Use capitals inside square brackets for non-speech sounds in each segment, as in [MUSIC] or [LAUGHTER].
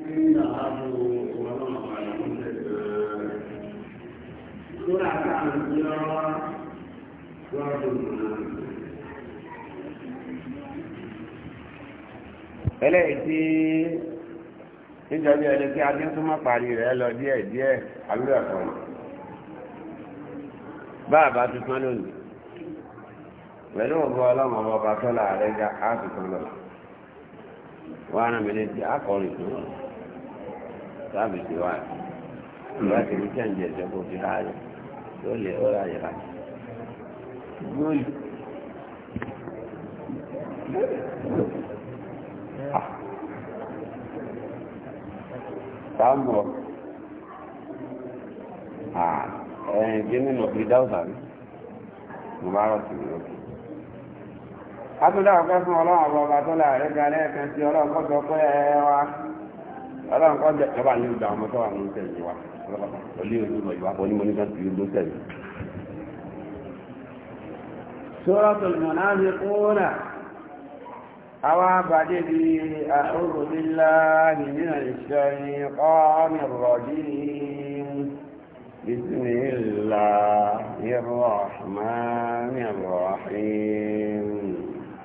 Sura Al-Anbiya wa Al-Munafiqun eléyìí tí nítorí ẹni kí a ti ń súnmọ́ parí rẹ̀ lọ díẹ̀ díẹ̀ àbúrò ẹ̀kọ́ báàbá tuntun lónìí pẹ̀lú òbú ọlọ́mọ ọba tọ́lá rẹ̀ ga á tuntun lọ wọ́n á rán mi létí akọrin tó wọ́n sáàbì hmm. eh, ti wá ìwà ti ní kẹ́ǹjẹ̀ ìjọba òbí rà rẹ̀ yóò lè ó ráyè rà lórí. Sáàmù ẹ̀yìn kí nínú òbí dáwùsà rí, mo bá rọ̀ sí ìlú àtúndà ọ̀pẹ́ fún ọlọ́run ọba tó láàrẹ́ ga lẹ́ẹ̀kan sí ọlọ́run kọ́ pé ẹ wá ọlọ́run kọ́ jẹ́ ìjọba ní ìgbà ọmọ tó wà ní ìtẹ̀lẹ̀ wa pẹ̀lú ojú lọ ìwà pọ̀ ní mo ní ká tìlú ló tẹ̀lé. Suratul Munafiquna àwa bàdé bí a'udhu billahi minash shaytanir rajim. بسم الله الرحمن الرحيم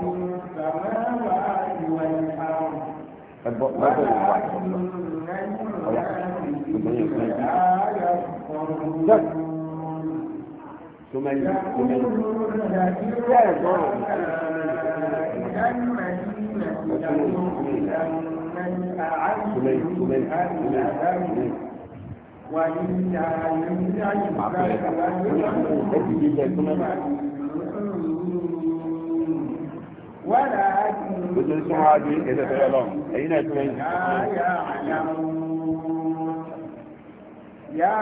ẹgbọ́n lọ́dọ̀ ìwà ìṣọ̀lọ́ ọ̀yà ìgbóyè fún ẹbí. Tumẹ̀yìn tumẹ̀yìn tí ẹ̀ gbọ́rọ̀ tumẹ̀yìn tumẹ̀yìn tumẹ̀yìn. Màá pẹ̀lẹ́ ẹ̀dì yìí jẹ́ tumẹ̀yìn. ولكن tí wọ́n á bí ẹ̀sẹ̀ fẹ́ ọlọ́run, ẹ̀yìn náà tó ẹ̀yìn. يا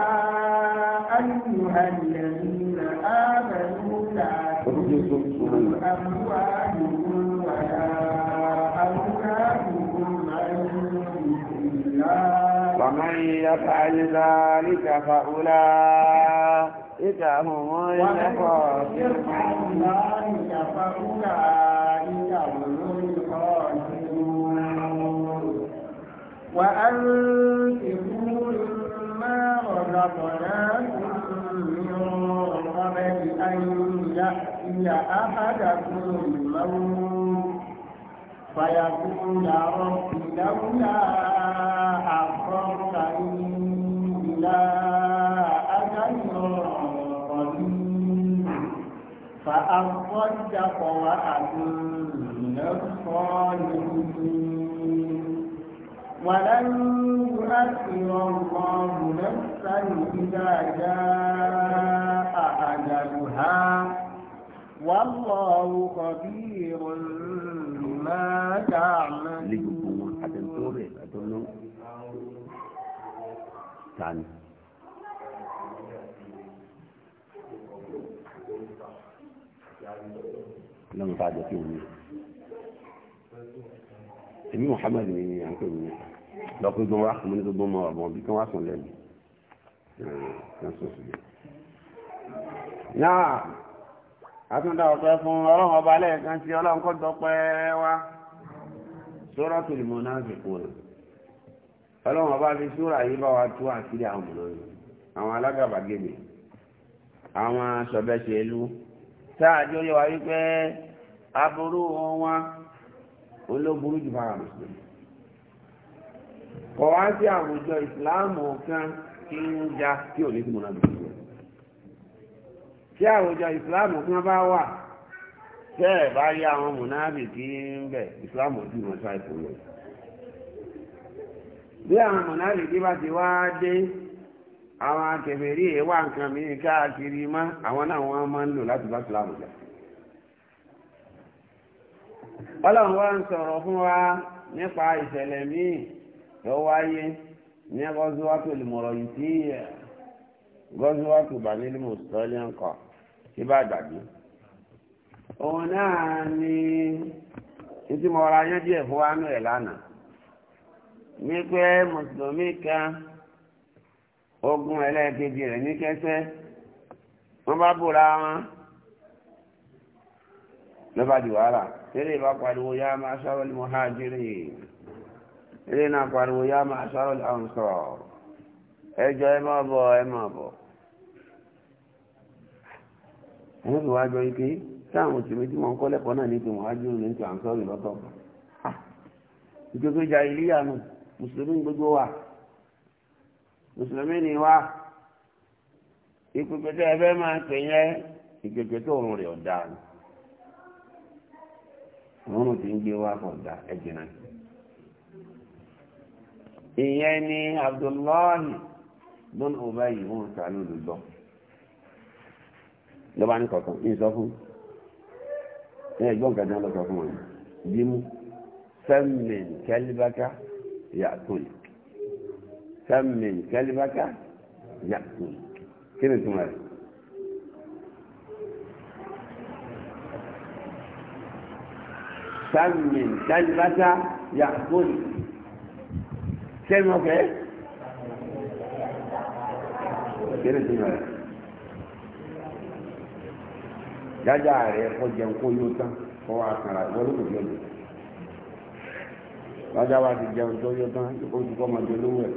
أيها الذين آمنوا لا تنفقوا أموالكم ولا أولادكم عن الله ومن يفعل ذلك فأولئك إذا هم الخاسرون وأنفقوا مما رزقناكم من قبل أن يأتي أحدكم الموت فيقول رب لولا أخرتني فأصدق وأكن من الصالحين ولن يؤخر الله نفسا إذا جاء أجلها والله خبير بما تعملون lọ́nà tá a jẹ́ kí n ní. èmi Muhammad mi ni à ń pè mí lọ pé gbọ́n wá kàn mọ́ ní gbogbo ọmọ ọ̀bọ̀n bí kí wọ́n sùn lẹ́nu kan sùn sí. náà àtúndà ọ̀pẹ fún ọlọ́run ọba lẹ́ẹ̀kan sí ọlọ́run kó dọ́pẹ́ wá Suratul Munafiqun ọlọ́run ọba fi sóra yìí bá wa tú àṣírí àwọn ọmọ àwọn alágàbàgebè àwọn sọ̀bẹ́sẹ̀ ìlú sáà jọ yẹ wá wípé aburú wọn olóburú jù fara mùsùlùmí kọ̀ wá sí àwùjọ ìsìláàmù kan tí ń já tí ò ní sí múnà mùsùlùmí tí àwùjọ ìsìláàmù kan bá wà tẹ́ ẹ̀ bá rí àwọn mùnáàbì kí ń bẹ̀ ìsìláàmù ojú ìmọ̀ sáà ìpòlò bí àwọn mùnáàbì kí bá ti wá dé àwọn akẹ̀fẹ̀rí èèwà nǹkan mìíràn káàkiri mọ́ àwọn náà wọ́n máa ń lò láti bá ìsìláàmù jà ọlọ́run wá ń sọ̀rọ̀ fún wa nípa ìṣẹ̀lẹ̀ míì tó wáyé ní gọ́zúwátò lùmọ̀rọ̀ yìí tí gọ́zúwátò bá nílùú mùsùlùmí ńkọ tí bá gbàgbé. òun náà ni títí mo ra yán díẹ̀ fún wa nù ẹ̀ lánàá ní pé mùsùlùmí kan ogun ẹlẹ́ẹ̀kejì rẹ̀ ní kẹsẹ́ wọ́n bá bòra wọn. lọ́ba di wàhálà tẹ́lẹ̀ ìbá pariwo yá máa ṣọ́rọ̀ ní mọ́hájírì tẹ́lẹ̀ náà pariwo yá máa ṣọ́rọ̀ ní ọ̀nsọ̀ ẹjọ́ ẹ máa bọ̀ ẹ máa bọ̀ ẹ̀yìn tó wá jọ ike òṣèré tí wọ́n kọ́ lẹ́kọ̀ọ́ náà ní ti ní ti wa mùsùlùmí ni wa ìpèpè ẹ fẹ́ máa pè òórùn tí ń gbé wá kọ̀dà ẹ̀jìnà ìyẹn ni Abdullahi lọ́nà ọba yìí wọ́n ta lólùgbọ́ lọ́ba ní kọ̀ọ̀kan ní sọ fún ní ẹ̀gbọ́n kan náà lọ sọ fún wọn bí mú sẹ́mìn kẹ́líbákà yàtọ̀lì sẹ́mìn kẹ́líbákà yàtọ̀lì kí ni túmọ̀ rẹ̀ sàmìn dálíbátà yàgòlì sẹ́nu ọ̀fẹ́ kéré sí ìrọ̀lẹ́ jájá rẹ̀ kọ́ jẹun kó yóò tán kọ́ wa kàrà wọlé kò jẹun jájá wa ti jẹun tó yóò tán kó ti kọ́ ma jẹ lówó ẹ̀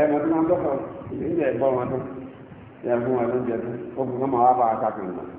ẹ̀ mọ̀ tí wọ́n tọ́kọ̀ ìdílé ẹ̀ wọn tán ẹ̀ wọn ló jẹ tán ó fi kọ́ ma wá bá a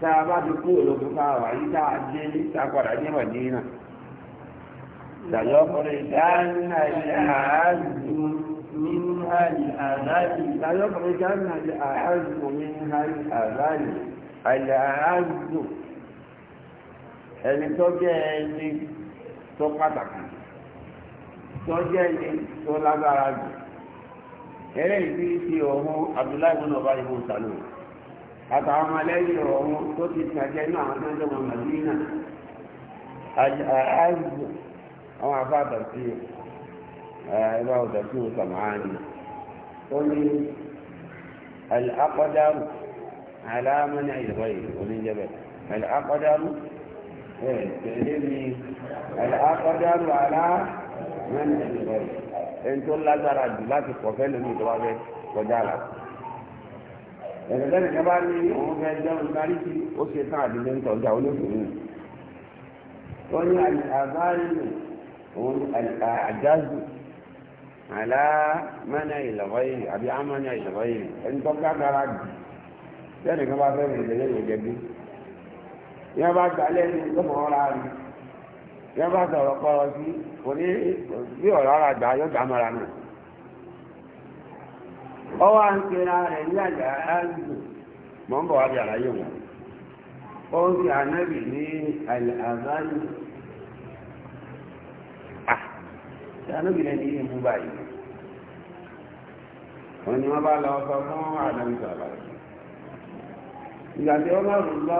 tá a bá ti kú ológun ká wà yí tá a dé ní sápadà ní mọ̀dínà sàyọ́kùnrin dáná ilẹ̀ àádùn ní hàlì àdáyì sàyọ́kùnrin dáná ilẹ̀ àádùn ní hàlì àdáyì ilẹ̀ àádùn ẹni tó jẹ́ ẹni tó pàtàkì lágbára jù ẹlẹ́yìn tí ti ọ̀hún abdullahi bin ọba ibo sàlùmí àtàwọn ọmọlẹ́yìn ọ̀hún tó ti tàjẹ́ inú àwọn tó ń Màdínà àìsù àwọn afáàtà sí ẹgbẹ́ ọ̀dọ̀ sí ìsàmáàní ó ní àkọ́dárù aláàmọ́ni àìsàn yìí oníjẹ́bẹ̀ àkọ́dárù ẹ̀ tẹ̀lé mi àkọ́dárù aláàmọ́ni àìsàn yìí ẹni tó lágbára jù láti kọ̀fẹ́ lómi ìjọba fẹ́ kọjá làkú ẹ̀rẹ̀lẹ́nì kan bá ní òun fẹ́ jẹun ìdarí sí ó ṣe tán àdìlẹ́ ń tọ́jà olóṣèlú wọ́n ní àbáyé òun àjáàzù àlá mẹ́nà ìlọ́wọ́yè àbí àmọ́nà ìlọ́wọ́yè ẹni tó kákàrà jù lẹ́nì kan bá fẹ́ rìn lẹ́yìn ìrìnjẹ bí ní wọ́n bá gbà lẹ́nu lọ́mọ ọ̀rá rí ní wọ́n bá sọ̀rọ̀ kọ́rọ̀ sí kò ní bí ọ̀rọ̀ ara gbà yóò gbà mọ́ra náà. ọwọ́ à ń pera rẹ̀ ní àjà àgbò mọ́ ń bọ̀ wá bí wọn ó ń fi ní mú báyìí wọ́n ni wọ́n bá lọ sọ fún àdámù sọ̀rọ̀ ìgbà tí wọ́n bá lọ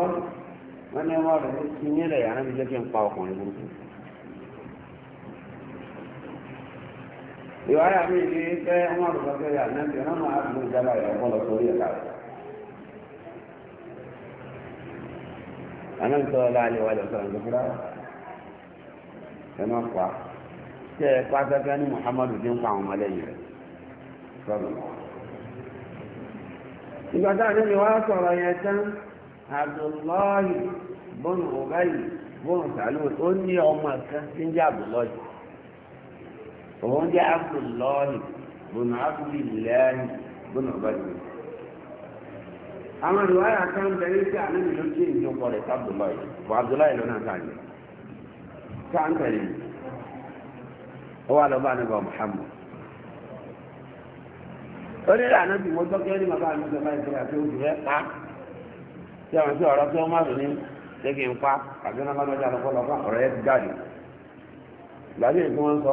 wọ́n ní wọ́n ìwáyà mi ní pé ọmọ àdùgbò pé ànábì ọmọ máa dùn ìjábá rẹ̀ ọpọlọ sórí ẹ̀ka rẹ̀. ànábì sọ̀rọ̀ láàlẹ́ wájú sọ̀rọ̀ nígbà ẹ má pa tẹ ẹ pa gẹ́gẹ́ Muhammadu dín pa àwọn ọmọlẹ́yìn rẹ̀ sọ̀rọ̀ ìgbà tá a sọ̀rọ̀ yẹn tán Abdullahi bọ́nù ọ̀gáyì bọ́nù sàlùwẹ̀ ó ní ọmọ kan tí ń jẹ́ Abdullahi. òun jẹ́ abdullahi bùnú abdullahi bùnú ọ̀bẹ̀dùn. àwọn ìwà yà kan bẹ̀rẹ̀ sí ànábì ló jẹ́ ìjọpọ̀ rẹ̀ sí abdullahi bọ̀ abdullahi lọ́nà Abdullahi. káàkiri ó wà lọ́ba nígbà muhammad. orí rẹ̀ ànábì mo tọ́kẹ́ ní bàbá mi sọ́ba ìṣẹ̀lẹ̀ àti oṣù rẹ̀ pa tí tí ní ń pa yẹn ti jáde. wọn sọ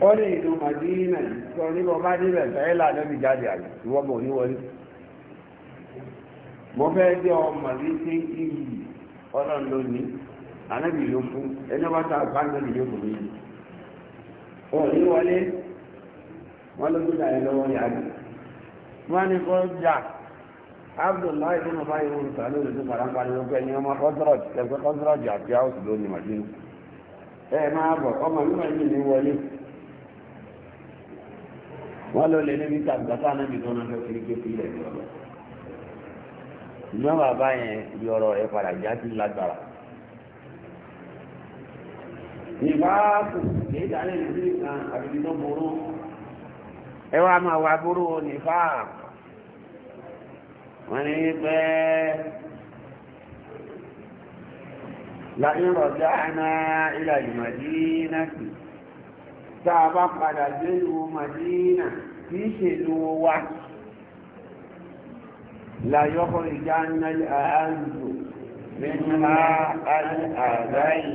ó ní ìlú Madina sọ nígbà ọba níbẹ̀ fẹ́ là lẹ́bi jáde àlè mọ̀ mo fẹ́ jẹ́ ọmọ rí sí iyì ọlọ́run ló ní ló fún ẹni bá ta bá nàbì ló fún mi ò ní wọlé ló gbúdà ẹ lọ́wọ́ jà Abdullahi tó ń bá yìí wọn sàlẹ̀ òdòdó paramari ló pẹ́ ọmọ kọ́sọ́rọ̀jì àti áwùsù Madina ẹ máa bọ̀ ọmọ wọ́n lọ lè níbi tàbíkátà náà bí tọ́nà fẹ́ kiri kékeré ilẹ̀ ní ọ̀dọ̀ ìgbọ́n bàbá yẹn bí ọ̀rọ̀ ẹ̀ padà já sí lágbára ìbáàkù èyí dání ìlú nìkan àbíbí tó burú ẹ wá máa wá burú nífà wọ́n ní pẹ́ láyé rọ̀já náà ilà ìmọ̀dí náà sì tá a bá padà dé ìlú Madina í ṣe wa láyọ́kọ̀ ìjáná àárín nínú àárín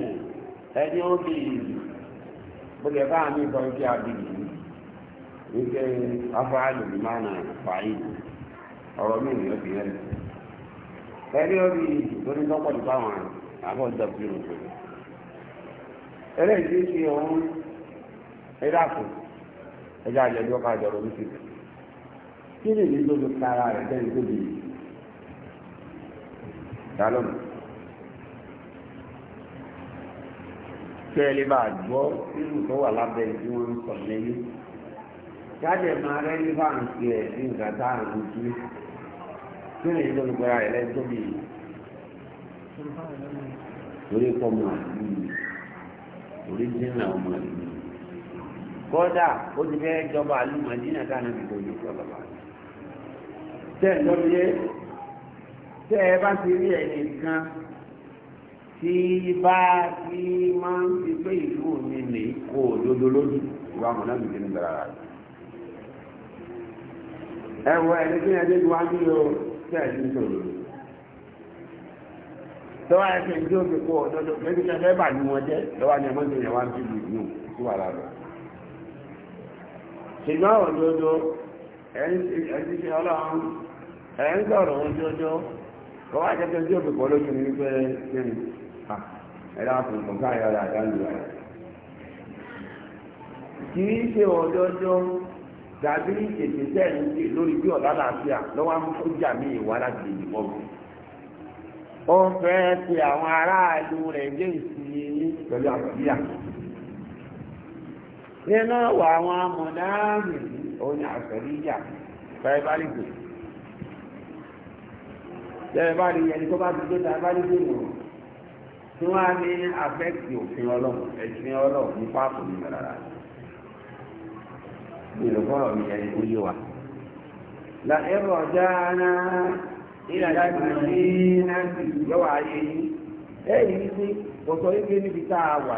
ẹni ó bí ìlú bókẹ̀ bá mi sọ kí a bí ìlú afáàlù ní máa nà fàáyì ọ̀rọ̀ ó fi hẹ́rì ẹni ó bí ìlú tó ní tọ́pọ̀ nípa ẹ dákun ẹ já jẹ bí ọkọ àjọrò ní ti kí ni ìlú tó tara rẹ jẹ ìlú bìí dálọ́m kí ẹ lè bá gbọ́ irú tó wà lábẹ́ tí wọ́n ń sọ lẹ́yìn jáde máa rẹ ní báńkì ẹ̀ sí nǹkan tá à ń kí ni ìlú tó tara rẹ lẹ́yìn tó bìí torí kọ́ mọ̀ àdúgbò torí dínà ọmọ àdúgbò kọ́dà ó ti fẹ́ jọba àlú màdínà tá ànábì tó yẹ sọ́dọ̀ bá tẹ́ ẹ̀ lọ́dún yé tẹ́ ẹ bá ti rí ẹ̀yìn kan tí bá tí máa ń ti pé ìlú mi nì kó òdodo lójú ìwà mọ̀nà mi nínú gbàrà rẹ̀ ẹ wọ ẹni tí ẹ wájú yìí o tẹ́ ẹ ti ń sọ̀rọ̀ tọ́wọ́ ẹ̀ṣẹ̀ ń dé òkè kó òdodo lójú kẹfẹ́ bà ní wọn jẹ́ lọ́wọ́ ni ẹ mọ́ ṣùgbọ́n àwọn ẹni ẹ̀yìn ọlọ́run ẹ̀yìn sọ̀rọ̀ òjòjò kọ́ wá jẹ́ tó fi pọ̀ lójú ní pé kíni ẹ̀dá fún ìyára rẹ̀ kì í ṣe tàbí ètè lórí bí ìwà láti lè yìnbọn mi. ó fẹ́ nínú ọ̀wọ̀ àwọn amọ̀dáàmì oní àṣẹ̀ríyà tẹ́ẹ̀bálìgbè tẹ́ẹ̀bálì ẹni tó bá ti gbé tẹ́ẹ̀bálìgbè mọ̀ tí wọ́n ní afẹ́kì òfin ọlọ́run ẹ̀sìn ọlọ́run ní páàpù ní mi ẹni tó yé wa. la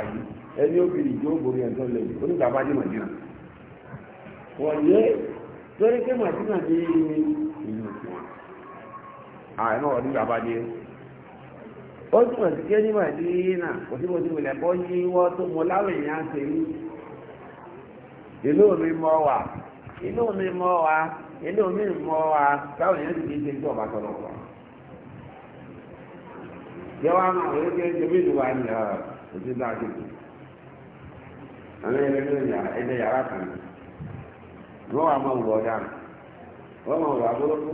ẹni obìnrin tí ó borí ẹjọ́ lẹ́yìn onígbàbá ní màdínà wọ̀nyé torí pé màdínà ní ìlú àìmọ́ onígbàbá ní ó túnmọ̀ sí ké ní màdínà kò sí mo wìlẹ̀ bọ́ yí wọ́ tó mọ láwọn èèyàn ṣe rí ìlú mi mọ́ wa ìlú mi mọ́ wa ìlú mi mọ́ wa táwọn èèyàn sì kì í ṣe ọba tọrọ wa yẹ wá máa wọlé kí ìlú wa ni ndị ẹgbẹ́ yàrá kan wọ́n wà máa ń wọ̀ dáa wọ́n máa wà burúkú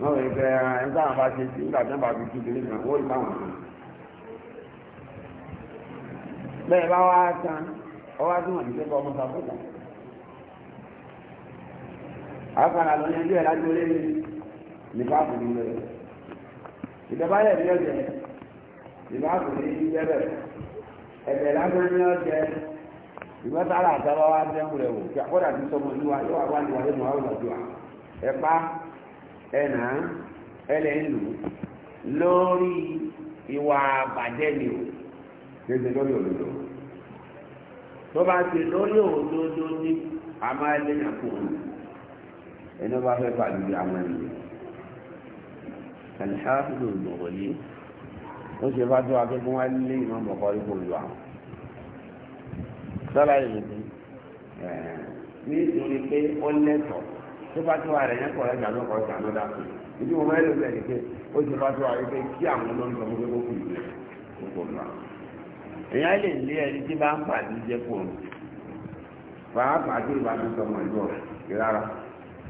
wọ́n wọ̀ ẹgbẹ́ ẹgbẹ́ àwọn bá ṣe sí nígbà tí wọ́n bá fi kíkiri náà wọ́n rí báwọn kan. bẹ́ẹ̀ bá wá tán ọwọ́ tó wọ̀n nígbà ọmọ sàkóso. àkàrà lọ ní ẹjọ́ ẹ̀ lájú olé nípa àbùkù rẹ̀. ìjọba yẹ̀ ní ọ̀jẹ̀ ìbáàbò ní ẹbẹ̀ ẹ̀bẹ̀ lásán ní ọ̀jẹ̀ ìgbà sára àtàwọn wa dẹ́kun rẹ̀ wò kí akọ́dà ti sọmọ ní wa yóò wá ní wa lẹ́nu àwọn ọ̀dọ́ wa ẹ̀pá ẹ̀nà ẹlẹ́nu lórí ìwà àbàjẹ́ ni o kéde lórí òdodo tó bá ti lórí òdodo ní àmọ́ ẹlẹ́nà kù ẹni bá fẹ́ pàdé àwọn ènìyàn alihamdulilayi ó ṣe bá tó akẹ́kọ̀ọ́ wa lé ìmọ̀ mọ̀kọ́ ikú lu àwọn sọ́la ìlú ní ìtòrí pé ó lẹ́tọ̀ tó bá tó ààrẹ yẹn kọ̀ lẹ́jà lọ́kọ̀ ọ̀sán ló dà kù ìdí mo mẹ́rin lọ́sẹ̀ ni pé ó ti bá tó ààrẹ pé kí àwọn olórí sọ fún pé kó kù ìlú kó kò nà. èèyàn lè lé ẹni tí bá ń pàdé jẹ́ kó o pàápàá tó ìbá tó sọmọ ìlú ọ̀rẹ́ rárá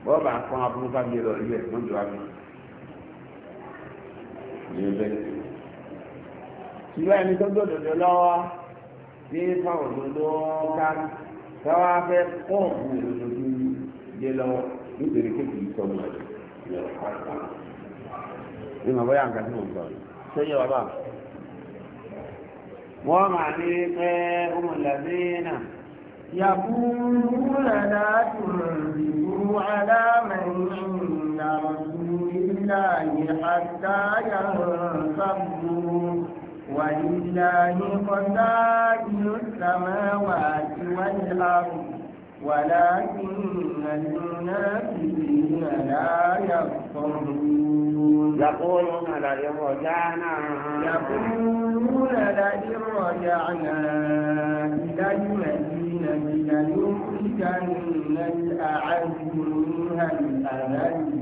bọ́ọ̀ bá fọ́n abúlúkà bí ẹ lọ rí ẹ̀ lójú wa mi. ìyẹn bẹ́ẹ̀ tí wọ́n ẹni tó gbọ́dọ̀ lọ́wọ́ fífa òdodo ká sáwá fẹ́ pọ́ọ̀pù òdodo tó yé lọ́wọ́ nítorí kéèkì yìí sọ mọ́ ẹ̀ ní màbá yà ń kàtí mọ̀ gbọ́ sẹ́yìn bàbá wọ́n máa ní pé ọmọ ìlànà náà. يقولون لا تنفقوا على من عند رسول الله حتى ينفضوا ولله خزائن السماوات والأرض ولكن المنافقين لا يفقهون يقولون لئن رجعنا يقولون لئن رجعنا إلى المدينة لنخرجن الأعز منها الأذل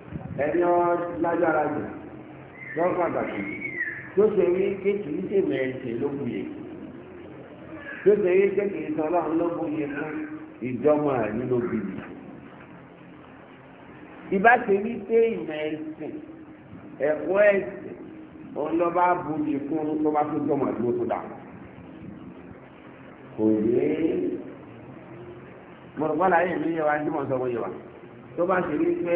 ẹni wọn lágbára jù lọ́wọ́ pàtàkì tó ṣe rí kéèkì ní tèmi ẹ̀ṣẹ̀ ló buyè tó ṣe rí kéèkì ìtàn ọlọ́run ló buyè fún ìjọmọ ẹ̀ nínú bìbì ìbá ṣe rí pé ìmọ̀ ẹ̀sìn ẹ̀kọ́ ẹ̀sìn òun lọ bá buyè fún tó bá tó jọmọ ẹ̀ tó dà kò yé mọ̀rọ̀gbọ́n láyé mi yẹ wa ní mọ̀ sọ́kọ́ yẹ wa tó bá ṣe rí pé.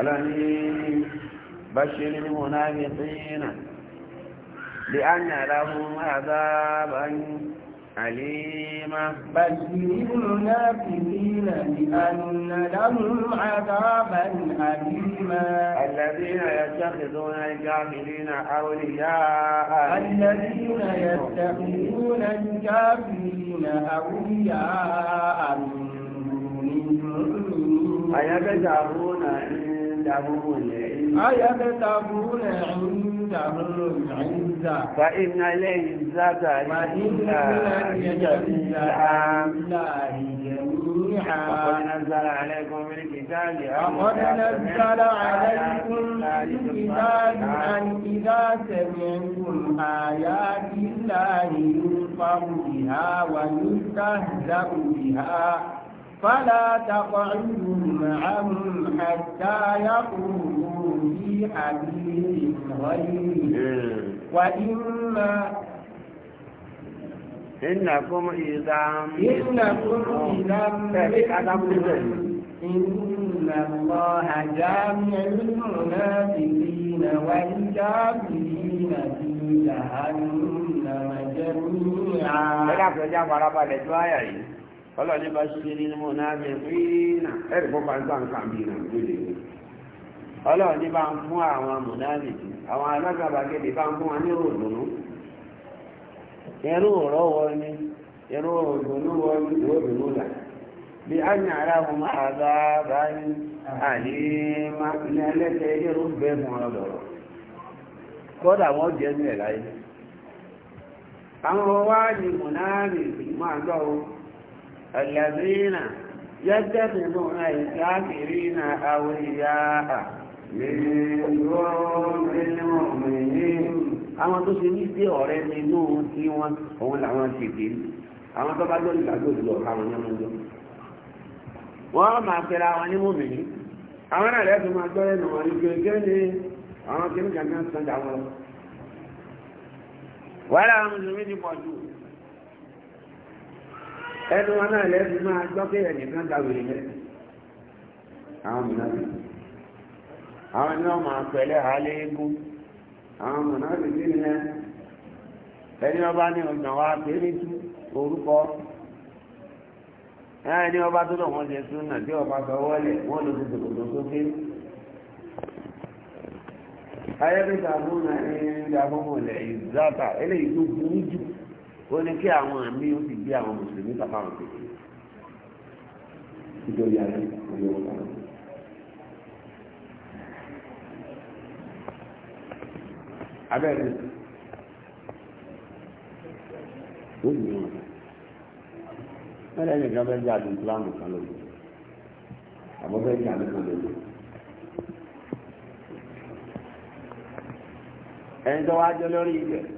الأمين بشر المنافقين لأن لهم عذابا أليما بشر المنافقين لأن لهم عذابا أليما الذين يتخذون الكافرين أولياء الذين يتخذون الكافرين أولياء من دون المؤمنين أيجعلون أيبتغون عندهم عزة فإن العزة لله جميعا وقد نزل عليكم من الكتاب وقد نزل عليكم الكتاب أن إذا سمعتم آيات الله يكفر بها ويستهزأ بها فلا تقعدوا معهم حتى يقولوا في حديث غيره وإما إنكم إذا إنكم إذا إن الله جامع المنافقين والكافرين في جهنم جميعا. ọlọ́ni bá ṣe ní mọ̀nàmìrínà ẹ̀rì pọ́pá ń sáà ń kàmbí náà lóde ìwé ọlọ́ni bá ń fún àwọn mọ̀nàmìtì àwọn alágbàbàgẹ́dẹ̀ bá ń fún wọn ní ròdùnú ẹ̀rù ọ̀rọ̀ wọn ẹ̀rù là bí a ní ara wọn àgbà bá ní ní ẹ̀rù bẹ́ẹ̀ mọ́ ọlọ́rọ̀ kọ́dà wọ́n jẹ́ الذين يتخذون الكافرين أولياء من دون المؤمنين àwọn tó ṣe ní dé ọ̀rẹ́ nínú tí wọ́n òun làwọn ti dé àwọn tó bá lórí ìgbàgbọ́ ìlú ọ̀ka wọn yẹn lọ́jọ́ wọ́n máa pẹ̀lẹ́ àwọn ní mòmìnì àwọn náà lẹ́sùn máa gbọ́ ẹnu wọn ìgbè gẹ́ni àwọn kìnnìkan kan sọ́jà wọn. wàhálà àwọn mùsùlùmí ti pọ̀ jù ẹnu wọn náà lẹ́bi máa gbọ́ pé ẹnìkan dáwèrè lẹ́sìn àwọn mìíràn àwọn ẹni wọn máa pẹ̀lẹ́ àálẹ́ eégún àwọn mìíràn lè dín ní ẹni ọba ní ọgbà wa pé ní tú orúkọ ọba tó náà tí ọba sọ wọlé lọ sí sókè fún ẹni ìzáta ó ní kí àwọn àmì ó sì gbé àwọn mùsùlùmí tàbí àwọn kékeré nítorí ayé ìlú ọ̀gá náà. abẹ́rẹ́ ó sì wọn mẹ́rẹ̀ nìkan fẹ́ jáde ìsìláàmù kan lóde àbọ̀ fẹ́ jáde kan lóde ẹni tó wá jẹ́ lórí ibẹ̀.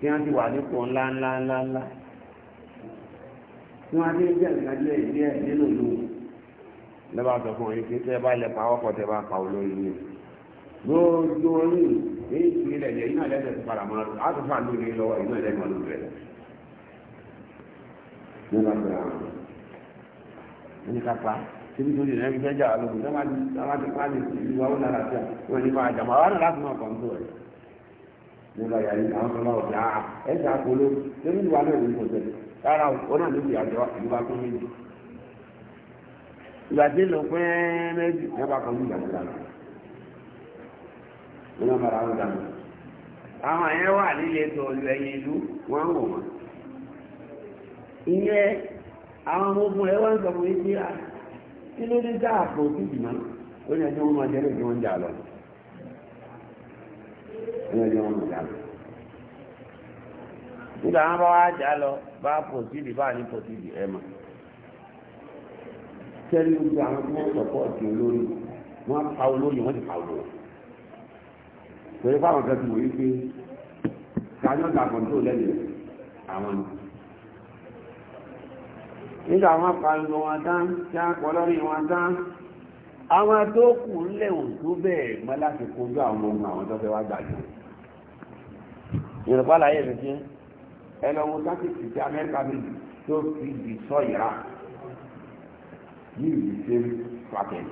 tí wọ́n ti wà nípò ńlá ńlá ńlá ńlá tí wọ́n ti ń jẹ́ nǹkan díẹ̀ díẹ̀ nínú ìlú lọ́ba sọ fún yín kí tẹ́ bá lẹ pa ọkọ̀ tẹ́ bá pa olórí yín gbogbo orí èyí ti ilẹ̀ yẹ iná lẹ́sẹ̀ ti padà máa lò á ti fà lórí lọ́wọ́ iná lẹ́nu ọdún bẹ̀rẹ̀ nígbà tó yà wọ́n ní kápá síbi tó yẹ ẹni fẹ́ jà lóko tó má ti pa ní ìlú wa ó lára sí à wọ́n ní bá a jà máa wà ń tó rẹ̀. Ah, nínú ọ̀yà yìí àwọn ọmọ ọ̀gá àá àpolo lórí ìwà náà lórí kòtò rárá o náà ló fi àjọ ìwà tó méjì. ìgbà tí lò pẹ́ẹ́ méjì ẹ bá ní ìgbà tó àwọn wà nílé tó lu ẹyin ìlú wọn wò wọn. ìyẹn àwọn ẹ sọ fún yín ah, kí ló dé dáàbò tó ní ọjọ́ wọn jà lọ. nígbà wọn bá wá jà lọ bá pòtìlì bá ní pòtìlì ẹ̀ mọ̀. sẹ́ni gbogbo àwọn tí wọ́n sọ̀pọ̀tì olórí wọ́n pa olórí wọ́n ti pa olórí. pẹ̀lú fáwọn kan ti wòye pé kájọ́ ta kọ̀ǹtò lẹ́yìn àwọn ni nígbà wọn pariwo wọn tán tí a kọ lórí wọn tán àwọn tó kù ń lẹ̀wọ̀n tó bẹ́ẹ̀ mọ́ láti kojú àwọn ọmọ àwọn tó fẹ́ wá gbàgbọ́ yorùbá láyé mi fi ẹ lọ wo sákìtì tí amẹ́ríkà mi tó fi di sọ ìra yìí di ṣe pàtẹ́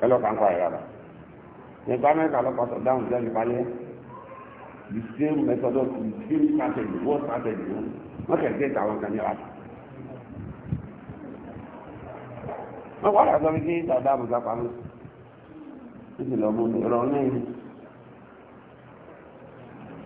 ẹ lọ kà ń kọ́ ìra rà yorùbá amẹ́ríkà lọ pàtó dáhùn sí ẹni balẹ̀ the same method of the same strategy wọ́n strategy wọn wọ́n kẹ̀ gẹ́gẹ́ àwọn kan ní ra. wọ́n kọ́ àgbà sọ wípé dàda àbùsà pamọ́ ó sì lọ mú un ìrọ̀rùn náà yìí.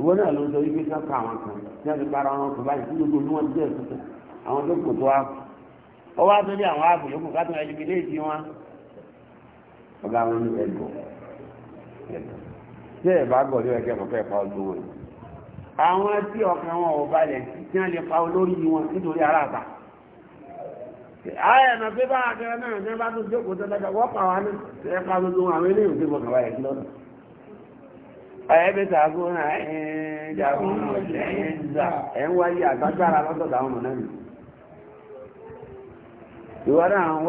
ìwọ náà ló ń sọ ibi sọ́kà àwọn kan tí wọ́n ti para wọn kò báyìí tí gbogbo ní wọ́n ti bẹ̀rẹ̀ tuntun àwọn tó kò tó a ó wá sórí àwọn ààbò yòókù ká tó ẹni bí léèdì wọn. ọ̀gá wọn ní ẹ̀gọ́ ẹ̀gọ́ tí ẹ̀ bá gọ̀ lórí ẹ̀kẹ́ kọ̀ọ̀kẹ́ pa ọdún wọn. àwọn tí ọkàn wọn ò balẹ̀ tí wọ́n lè pa olórí wọn nítorí ara àbá. ààyè náà pé bá àgẹrẹ náà ní wọ́n bá tó jókòó tó lọ́dọ̀ wọ́pàá wa ní ẹ̀ka gbogbo àwọn eléyìí ẹ̀ẹ́bẹ̀ tààgùnà ẹ̀ẹ́dàgùnà ẹ̀ẹ́dà ẹ̀ẹ́wáyé àgbàgbára lọ́dọ̀ àwọn ọmọ náà ìwádà àwọn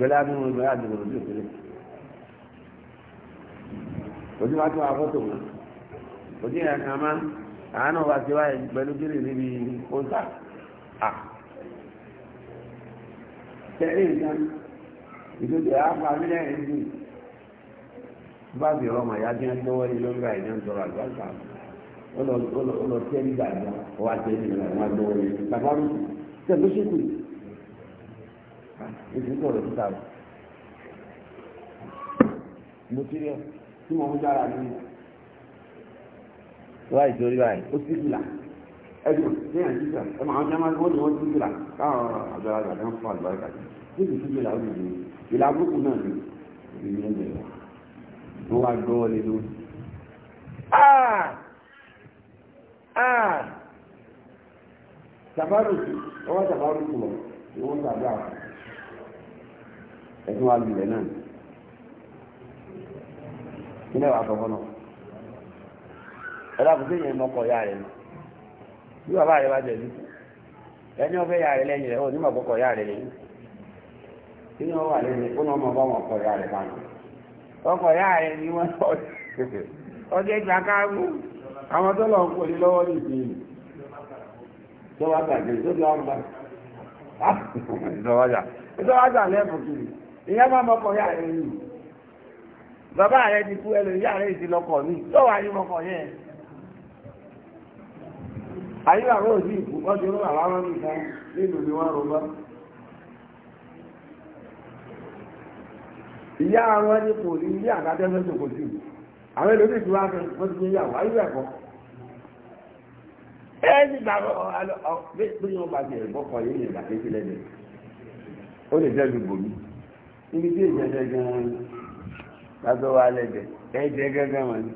pẹ̀lú àdúgbò ìgbà àdúgbò ojú òkèlè ojú wa tó wà fọ́tò wọn ojú yẹn kan máa àánú wa ti wáyé pẹ̀lú gírì níbi kóńtà à tẹ̀lé nǹkan ìdókè àpá mílíọ̀n ẹ̀ńdì bá fi ọmọ ìyá tí wọ́n gbọ́wọ́ ní lórí àìní ń tọrọ àgbàkà ó lọ tẹ́lí gbàgbà ó wá tẹ́lí gbàgbà wọn gbọ́wọ́ ní tàbárù tẹ̀lé ṣèkùn èsì pọ̀ lọ síta rẹ̀ mo ti rí ọ tí mo ń dára ní wá ìtorí báyìí ó sì fìlà ẹ̀dùn ní àjíjà ẹ máa ń jẹ́ máa wọ́n ní wọ́n ti fìlà káwọn àgbàlagbà ní wọ́n fún àgbàlagbà jù ní ìsì sí fìlà ó lè dùn ìlà burúkú náà ni ìlú ẹgbẹ́ rẹ̀ wọ́n wá gbọ́ wọlé lórí. Ah! Ah! Tàbárùkù, ọwọ́ tàbárùkù lọ, ìwọ́n tàbí ẹ̀sùn wa lulẹ̀ náà nílẹ̀ wà kọ̀ọ̀kan náà ẹ̀dá kò sí ìyẹn mọ́kọ̀ ya rẹ̀ mọ́ bàbá rẹ̀ bá jẹ̀bi ẹni ọ̀fẹ́ ya rẹ̀ lẹ́yìn rẹ̀ ó ní mọ̀kọ̀kọ̀ ya rẹ̀ lẹ́yìn kí ni wọ́n wà lẹ́yìn kó ní ọmọ bá wọn kọ̀ ya rẹ̀ bá wọn ọkọ̀ ya rẹ̀ ni wọ́n sọ ọjọ́ ìgbà káàbù àwọn tó lọ ń pòlí lọ́wọ́ ní tó wá tó lọ́wọ́ gbà [LAUGHS] ìyá máa mọ́kọ̀ yá rẹ̀ nù bàbá rẹ̀ ti kú ẹlò ìyá rẹ̀ ti lọ́kọ̀ ní lọ́wọ́ ayé mọ́kọ̀ yẹn ayé àwọn òsì ìkú wọ́n ti rún àwọn ọmọ nìkan nínú ni wọ́n rọgbọ́ ìyá àwọn ẹni kò ní ilé àdájọ́ tó kò sí àwọn ẹlòmí ti wá fẹ́ wọ́n ti gbé yàwó ayé ẹ̀kọ́ ẹni gbàgbọ́ ọ̀ọ́ bí wọ́n bá ti ẹ̀gbọ́kọ̀ yìí ní ìgbà kékeré ni ó lè jẹ́ lùgbòmí níbi tí ìjẹ́jẹ́ gan-an lábẹ́ wa lẹ́jẹ̀ ẹ̀jẹ̀ gẹ́gẹ́ wọn ni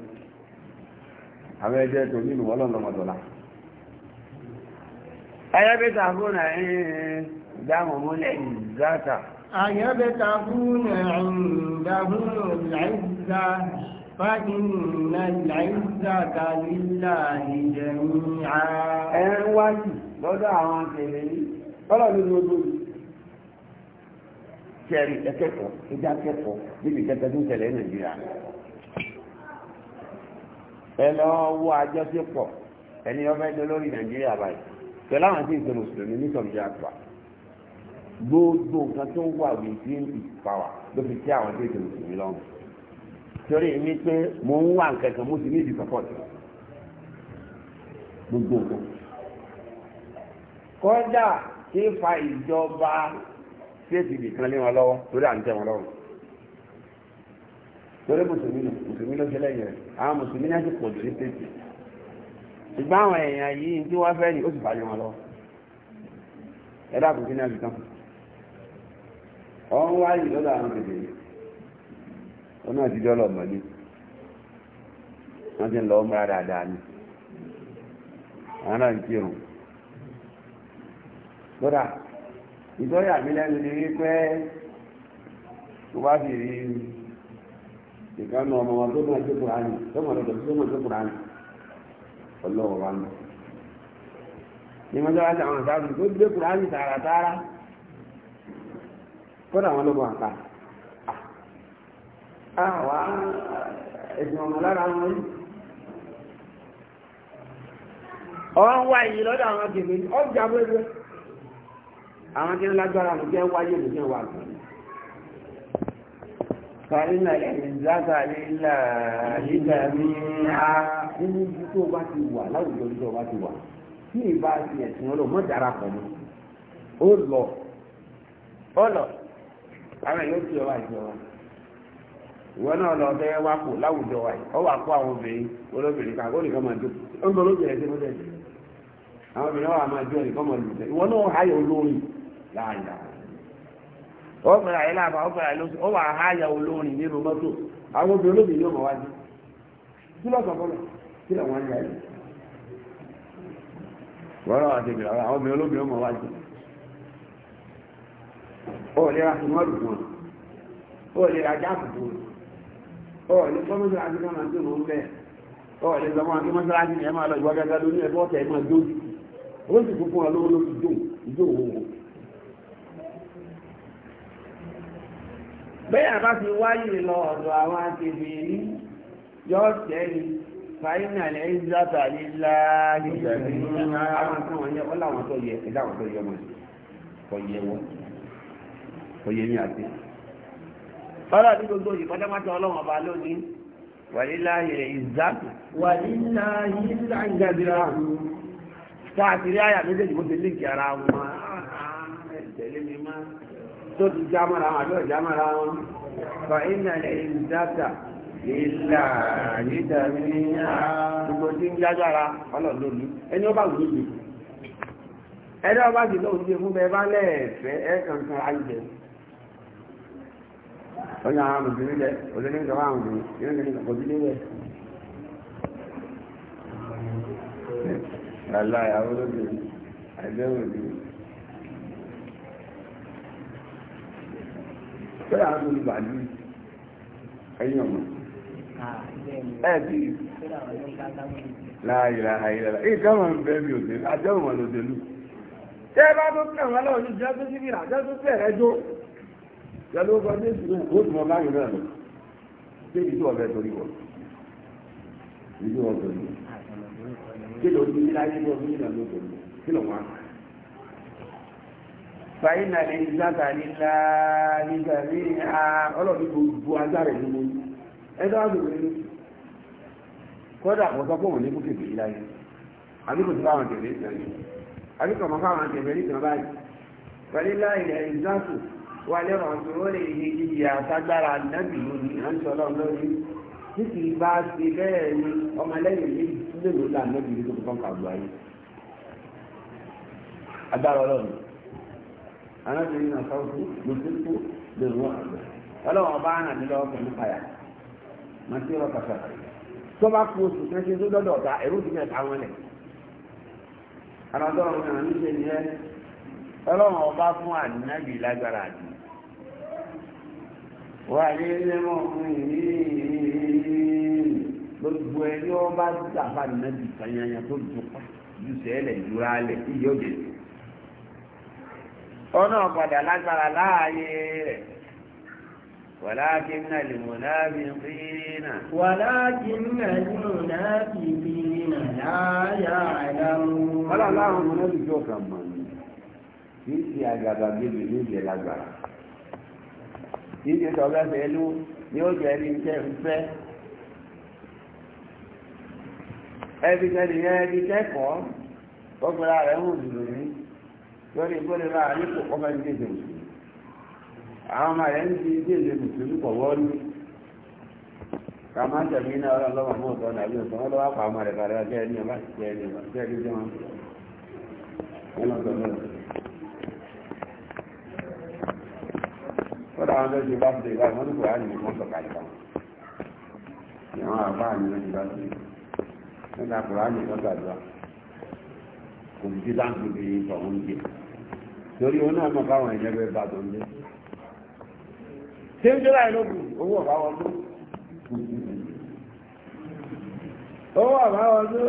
àwọn tó nínú fún ìzáta kẹrin ẹkẹkọọ ẹjẹ akẹ́kọ̀ọ́ níbi kẹta tó ń tẹlẹ ní nàìjíríà ẹ lọ wọ àjọṣepọ̀ ẹni ọmọ ẹjọ lórí nàìjíríà báyìí pẹ̀lú àwọn tí ìṣòro mùsùlùmí ní sọmjì àgbà gbogbo nǹkan tó wà within his power ló fi tẹ àwọn tí ìṣòro mùsùlùmí lọ́rùn torí mi pé mo ń wà nǹkan kan mo sì ní ìdí support gbogbo nǹkan kọjá tí fa ìjọba tí èsì ibì kan lé wọn lọ́wọ́ torí à ń tẹ wọn lọ́rùn torí mùsùlùmí nù mùsùlùmí ló yẹn àwọn mùsùlùmí pọ̀ tètè ṣùgbọ́n àwọn èèyàn yìí wọ́n fẹ́ ni ó sì fàlẹ́ wọn lọ́wọ́ ẹ dákun kí ní àbí kan ọ̀hún wáyé lọ́dọ̀ àwọn tètè yìí wọn náà ti jọ́ lọ mọ́lé ti ìtọ́yà mi lẹ́nu ni wípé tó bá sì rí ìkànnì ọmọ wọn tó mọ̀ tó kùrà ní tó mọ̀ tó tó mọ̀ tó kùrà ní ọlọ́wọ́ wa ní. ní wọ́n jọ́ láti àwọn àtàwọn tó gbé kùrà ní tààràtààrà kọ́dà wọn ló bọ̀ àká. Ah, àwa ẹ̀sìn ọmọ lára wọn yìí. ọ̀hún wá ìyí lọ́dọ̀ àwọn kèfèé ọjà bẹ́ẹ̀ àwọn tí lágbára ní jẹ́ wáyé ní jẹ́ wà lórí. Fàílà ìzáta lílà lílà a nínú Tí ìbá ti lọ. lọ. Ìwọ náà lọ bẹ́ wá kù láwùjọ Ọ wà kó àwọn obìnrin olóbìnrin nìkan máa Àwọn obìnrin máa máa láàyè ó pèrè àyè láàbà ó pèrè àyè lóṣù ó wà háyà olórin nínú mọ́tò àwọn obìnrin olóbìnrin yóò mọ̀ wájú kí lọ́sọ̀ fọlọ́ kí lọ ń yà yìí wọ́n lọ́wọ́ àti ìbìlà àwọn obìnrin olóbìnrin mọ̀ wájú ó lè ra sinimá dùn wọn ó lè ra jáàpù dùn wọn ó lè ó lè lọ ó bẹ́ẹ̀ bá fi wáyé lọ ọ̀dọ̀ àwọn akèbè ní yọ́ sẹ́ni fàínà lẹ́ ìzàtà lílá àwọn tó wọ́n yẹ ọláwọn tó yẹ ìdáwọn tó yẹ mọ̀ kò yẹ wọ́n káàkiri àyà méjèèjì mo ti líǹkì ara wọn ah, ah, tẹ̀lé mi máa tó ti já mọ́ra wọn àbí ọ̀já mọ́ra wọn fa iná ẹ̀yìn dáta ìlà nítorí gbogbo tí ń jágbára ọlọ́lọ́lù ẹni ọba wù lójú ẹni ọba sì lóhun ṣe fún bẹ bá lẹ́ẹ̀fẹ́ ẹ kankan ọjà àwọn mùsùlùmí lẹ òṣèlú ìjọba àwọn mùsùlùmí ìrìnlẹ̀ òṣèlú rẹ̀ Aláyàwó lóbi, àjẹ́ òbí. fẹ́rẹ̀ àwọn olùgbà ní ẹ̀yìn ọmọ ẹ̀bí láàrínlá àìlẹ́lá ìkàmà ń bẹ́ mi òdè àjẹ́ òmà lòdèlú tẹ́ bá tó kẹwàá lọ́wọ́ ní jẹ́ tó síbí àjẹ́ tó tẹ̀ rẹ́jọ́ jẹ́lú ọgbọ́n ní ìsìnkú ó tún ọba yìí náà lọ sí ibi tí ọbẹ̀ torí wọ̀ ibi tí ọbẹ̀ torí ní ọdún yìí náà kí lọ́wọ́ á fàyínà lè ní látàrí láàrín ìgbàmí ọlọ́bí gbogbo agbára ìlú mọ́ni ẹjọ́ àdúgbò ní kọ́dà àpọ̀tọ́ pọ̀ ní kókè bèèrè láyé àdúgbò tí tẹ̀lé ìtàní àdúgbò fáwọn tẹ̀lé ìtàn agbára ọlọ́run arábìnrin náà sọ́ọ̀tù lùsíkù lèrò ọ̀gbẹ́ ọlọ́wọ́n bá hàn nílọ pẹ̀lú payà màtí ọ̀rọ̀ kàkà tó bá kú oṣù kan ṣe tó dọ́dọ̀ ọ̀tá ẹ̀rú ti mẹ́ta wọn lẹ̀ ara tọ́rọ náà níṣe nìyẹn ọlọ́wọ́n ọba fún lágbára wà ní gbogbo ẹni ọba dàbà tó dùn pa ọ̀nà ọ̀padà lágbára láàyè rẹ̀ ولكن المنافقين ولكن المنافقين لا يعلمون ولا láwọn mọ̀lẹ́bí tó kàn mọ̀ ní kí ṣe àgàbà bíbí ní ìjẹ lágbára kí ṣe sọ bẹ́ẹ̀ fẹ́ ló ní ó jẹ́ ní iṣẹ́ ìfẹ́ ẹbí tẹ́lẹ̀ yẹn ẹbí kẹ́kọ̀ọ́ ó gbọ́dọ̀ rẹ̀ hùn jùlọ ní lórí ìgbóni ra àyíkò ọmọ ilé ìdè mùsùlùmí àwọn ọmọ rẹ̀ ń di ilé ìdè mùsùlùmí pọ̀ wọ́ọ́lú kàmá tẹ̀mí náà ọlọ́run lọ́wọ́ mọ́ ọ̀tọ́ nàbí ọ̀tọ́ wọn lọ́wọ́ pa ọmọ rẹ̀ bàrẹ̀ ọjọ́ ẹni ọba ti tẹ́ ẹni ọba ti tẹ́ ẹni jẹun kódà wọn lọ́jọ́ bá ti bá wọn lùkọ́ àyè wọn sọ kàlẹ́ kan ìwọ̀n àbá àyè lọ́jọ́ bá ti nígbà kùrọ̀ àyè kan gbàdúrà kò sí dáńtò bí ìtọ̀ wọn jẹ́ torí òun náà mọ̀ káwọn ẹ̀yẹ́ bẹ́ẹ̀ bá tó ń dé. ń jẹ́ láì owó ọ̀bá wọn tó? owó ọ̀bá wọn tó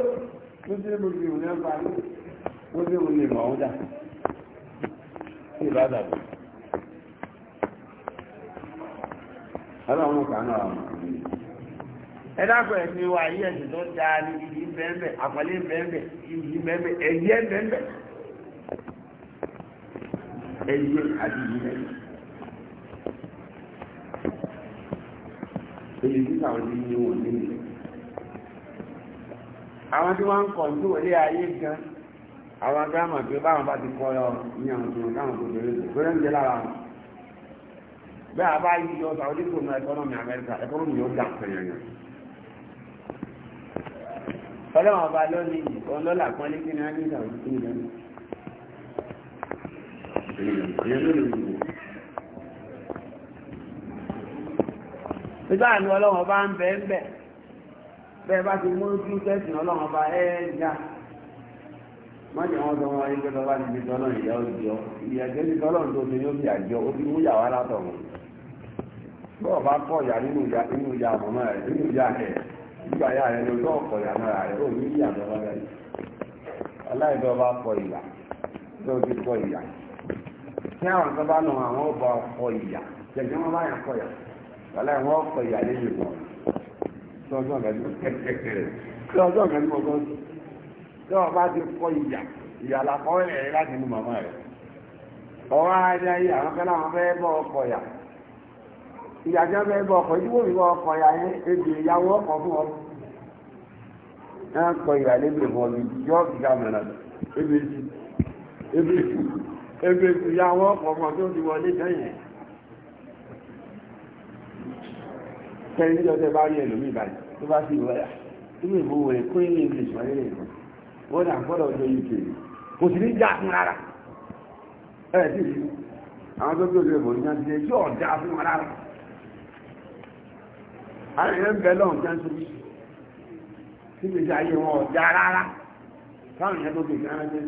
tó ṣe mo fi ìwúlẹ̀ pa ní ó ṣe mo lè mọ̀ ọ́n dà sí ọlọ́run ẹ dákọ̀ ẹ̀sìn wa ẹ̀sìn tó dáa ní ibi ẹgbẹ́ àdìyí mẹ́rin. èyí tí àwọn ti ní wọn nílẹ̀. àwọn tí wọ́n ń kọ̀ ní òlé ayé gan àwọn gírámà pé báwọn bá ti kọ́ ọ ní àwọn tó káwọn tó bẹ̀rẹ̀ lọ gbẹ́rẹ́ ń jẹ́ lára wọn. bẹ́ẹ̀ a bá yí yọ sàwọn oníkó ní ẹkọ́nọ́mì amẹ́ríkà ẹkọ́nọ́mì yóò gbà pẹ̀yẹ̀yẹ̀. ọlọ́wọ́n ọba lónìí ọlọ́lá kan lé kí ni wọ́n ní ìsàwọn tó ń nígbà ọlọ́wọ́n bá ń bẹ̀ ń bẹ̀ bẹ́ẹ̀ bá ti mú kí tẹ́sì ọlọ́wọ́n bá ẹ́ já wọ́n sọ wọn ayé pẹ́lú ọba tọ́lọ́ ìyá òjò ìyàjẹ́ ti tọ́lọ́ ìyà tí àwọn kan bá nù àwọn ọba ọkọ ìyà jẹjẹ wọn bá yàn kọ ìyà wàlẹ wọn ọkọ ìyà lè lè bọ tí ọjọ́ kan tí ọjọ́ kan mo gbọ́ tí wọn ti kọ ìyà ìyà la ẹ láti nu màmá rẹ ọwọ́ ajá yìí àwọn kan láwọn fẹ́ bọ ọkọ ìyà ìyàjọ fẹ́ bọ ọkọ ìdíwọ́ mi bọ ọkọ ìyà yẹn ebi ìyàwó ọkọ fún ọ náà kọ ìyà lè lè bọ ọbì jọ ìgbà mẹ́rin ebi ebi ebe ìyá wọn ọmọ tó ti wọlé tẹ́yìn tẹ́yìn níjọ́ tẹ́ bá rí ẹlòmí ìbàdí tó bá sì wọ́yà nínú ìbò wẹ̀ kó ní english wáyé ìbò wọ́n dà gbọ́dọ̀ ọjọ́ uk kò sì ní já fún rárá ẹ̀ sì rí àwọn tó gbọ́dọ̀ ìbò ní àti yóò já fún rárá àwọn èèyàn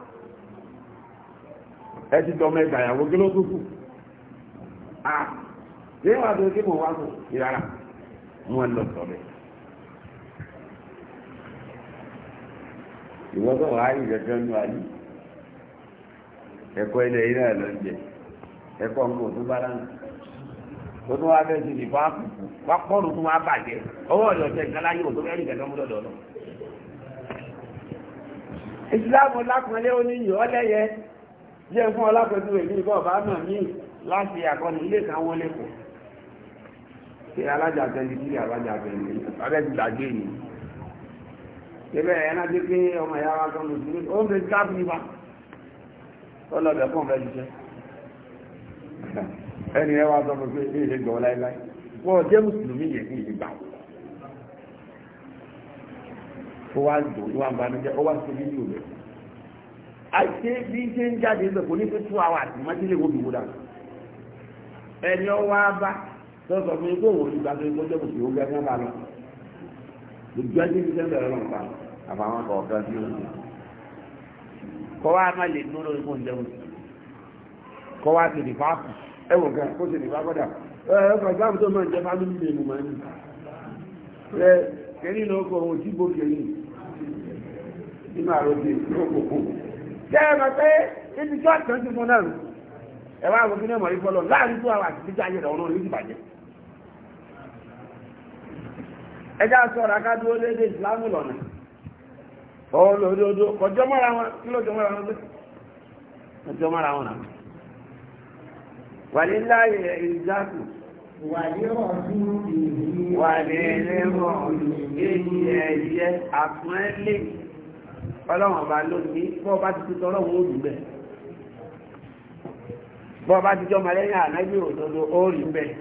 ẹ ti tọ́ mẹ́ta ìyàwó kí ló tún kù ah ṣé wàá tó kí mo wá kù ìrara wọn lọ sọ bẹ́ẹ̀. ìwọ tó wàá yìí gẹ́gẹ́ nínú ayé ẹ̀kọ́ ilẹ̀ yìí náà ló ń jẹ ẹ̀kọ́ nǹkan tó bá dáná tó tún wá fẹ́ ti dìbò àkùkù wá pọ́ọ̀nù tó wá bàjẹ́ ọwọ́ ọ̀dọ̀ ọ̀sẹ̀ nǹkan láyé òtó fẹ́ẹ́ rí gẹ́gẹ́ mú lọ́dọ̀ náà jẹ́ fún ọlápẹ̀jú rẹ̀ ní ìbọ̀ bá náà ní láti àkọni ilé ìkàwọn lẹ́kọ̀ọ́ ṣe alájàgbẹ̀lì sí alájàgbẹ̀lì abẹ́gbẹ̀gbẹ̀ ni ṣẹlẹ̀ ẹ̀nà jẹ́ pé ọmọ ìyá wa kan lòsùn ó ń bẹ gáàbù nípa ọlọ́dẹ̀ fún ọ̀fẹ́ jíṣẹ́ ẹni ẹwà sọ pé pé ilé gbọ́ láíláí wọ́n jẹ́ mùsùlùmí yẹn ní ìgbà ó wá dùn ó wá ń banújẹ́ ó wá sí ilé ìlú rẹ̀ àṣé bí ṣe ń jáde ń kò ní fi two hours mọ́tílẹ̀ wo bìbò dà ẹni ọwọ́ abá sọ̀tọ̀ fún ikú òwò ìgbà tó ikú jẹ́kùsì ó gbẹ́ fún balọ̀ lójú ẹjẹ́ ti sẹ́ńdẹ̀ rẹ̀ lọ́nà àfàwọn kọ̀ọ̀kan tí ó ń kọ́ wa má lè nú lórí fún ìjẹun kọ́ wa ti di fáàpù ẹ̀wọ̀n kan kó ti di fáàpọ̀dà ẹ̀ for example tó máa ń jẹ family name mọ̀ ní ẹ̀ kẹ́rin lọ́kọ̀ òun jẹ́ ẹ̀rọ pé níbi tí wọ́n tán ti fún náà ẹ wá àwọn kíní ọmọdé fọlọ láàrin tó àwọn àti tí ayé rẹ̀ ọ̀rọ̀ yóò ti bàjẹ́. ẹjá sọ̀rọ̀ léde ìsìlámù lọ́nà ọ̀hún lòdòdó kọjọ́ mọ́ra wọn kí ló jọ mọ́ra wọn pé kọjọ́ mọ́ra wọn nà. ọ̀dún ìlú ọlọ́run ọba lónìí bọ́ ọba ti tuntun ọlọ́run ó rí bẹ́ẹ̀ bọ́ ti jọ mọ̀lẹ́yìn ànábì òdodo ó rí bẹ́ẹ̀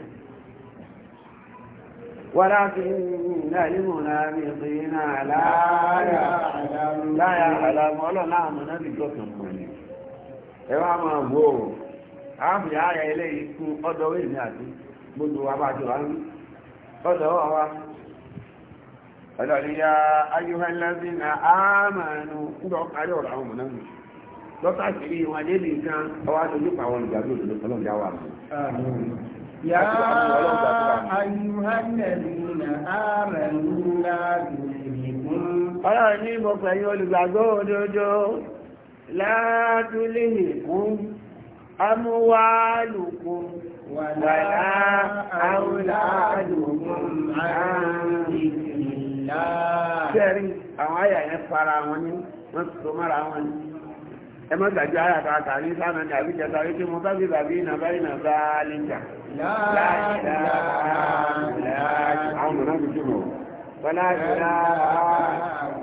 wọ́n láti nílẹ̀ ìmọ̀nà mìíràn láàyà láàyà àlàmọ́ ọlọ́run ọlọ́ríyá ayúhẹ́lẹ́bìnà àmàánú ńlọ́kàrí ọ̀rọ̀ àwọn mọ̀nà mi lọ́tà sí rí wọn débi kan ọwá tó nípa àwọn ìjàdó òdòdó ọlọ́jà wà mọ́. Yá ayúhẹ́lẹ́bìnà àmàánú sẹ́rí àwọn àyà yẹn para wọn ní wọ́n ti tó mára wọn ní ẹ má gbàgbé àyà kan kà ní sáà nàìjíríà àbí jẹta wípé mo bá gbé bàbí iná bá iná bá lè jà láàrín àwọn mọ̀nà tuntun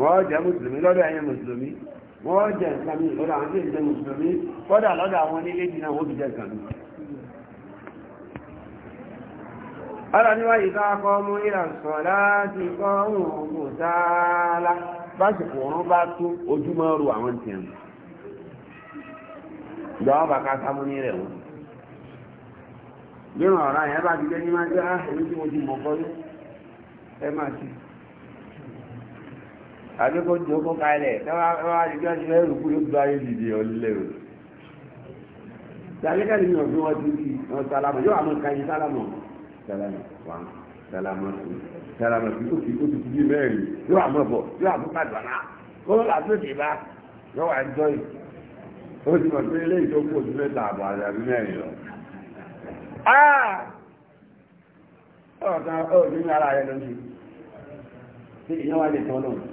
wọ́n jẹ́ mùsùlùmí lọ́dọ̀ ẹ̀yin mùsùlùmí wọ́n jẹ́ nǹkan mi lọ́dọ̀ àwọn tí ń jẹ́ mùsùlùmí kọ́dà lọ́dọ̀ àwọn onílé dínà wọ́n fi jẹ́ nǹkan mi. ọ̀rọ̀ ni wọ́n ìta kọ́ mú ìrànṣọ́ láti kọ́ òun tààlà básìkò ọ̀run bá tó ojúmọ́ ru àwọn tí ń jọ wọn bá ká sámú ní rẹ̀ wọn. bí wọn ọ̀rọ̀ yẹn àbí kò jò kó kalẹ̀ tẹ́wàá àdìgbà ti fẹ́ rúkú yóò gba ayé dìde ọ̀lẹ́ o. Sàlẹ́ kẹ́lí mi ò fi wọ́n ti fi wọn sálámù yóò àmọ́ kàyí sálámù. Sálámù wà sálámù sí sálámù sí ó ti ó ti fi mẹ́rin yóò àmọ́ bọ̀ yóò àmọ́ kàdùn àná kó ló làbí òkè bá yóò wá jọ yìí. Ó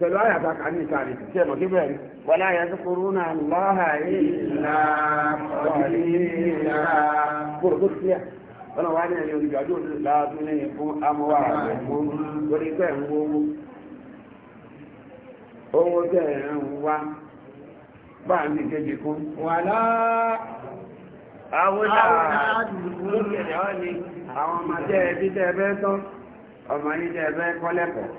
pẹ̀lú àyàtà kan ní ìkàrí tí kíbẹ̀ rí wọ́n láyé ẹ̀sùkúrú náà lọ́hà ìlà ìlà ọ̀nà ní ẹ̀yẹ olùgbàjò láàtún ní fún amúwà lórí ń wówó owó tẹ̀ ń wá bá kún wàlá àwọn ọmọ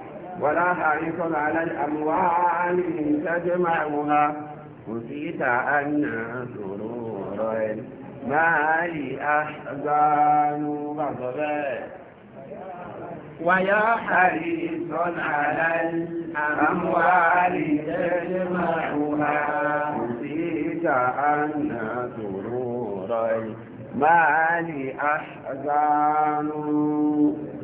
ولا حريص على الأموال تجمعها وفيت أن سرور ما لي أحزان غضب ويا حريص على الأموال تجمعها وفيت أن سرور ما لي أحزان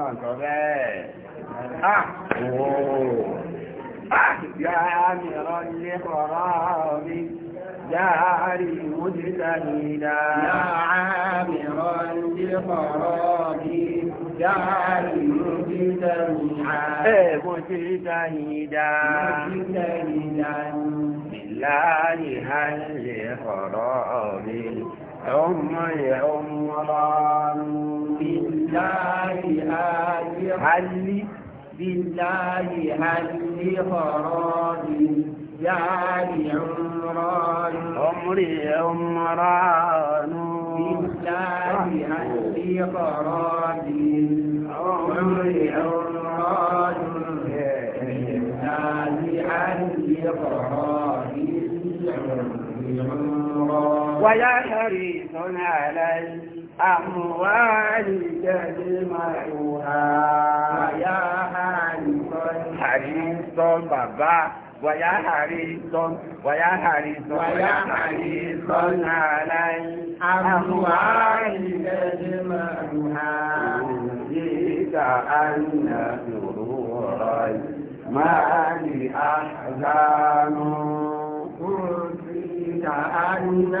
mọ̀ sọ bẹ́ẹ̀. جامرا لقراري جاري مجتهدا يا عامرا لقراري جاري مجتهدا مجتهدا بالله هل لقراري عمري عمران بالله آل هل بالله هل لغراب جاري عمران عمري عمران بالله هل لغراب عمري عمران بالله هل لغراب عمران ويا حريص على أموالك لمعوها ويا حريص بابا ويا حريص ويا حريص ويا حريص علي أموالك لمعوها يريد أن سروري ما لأحزان أريد أن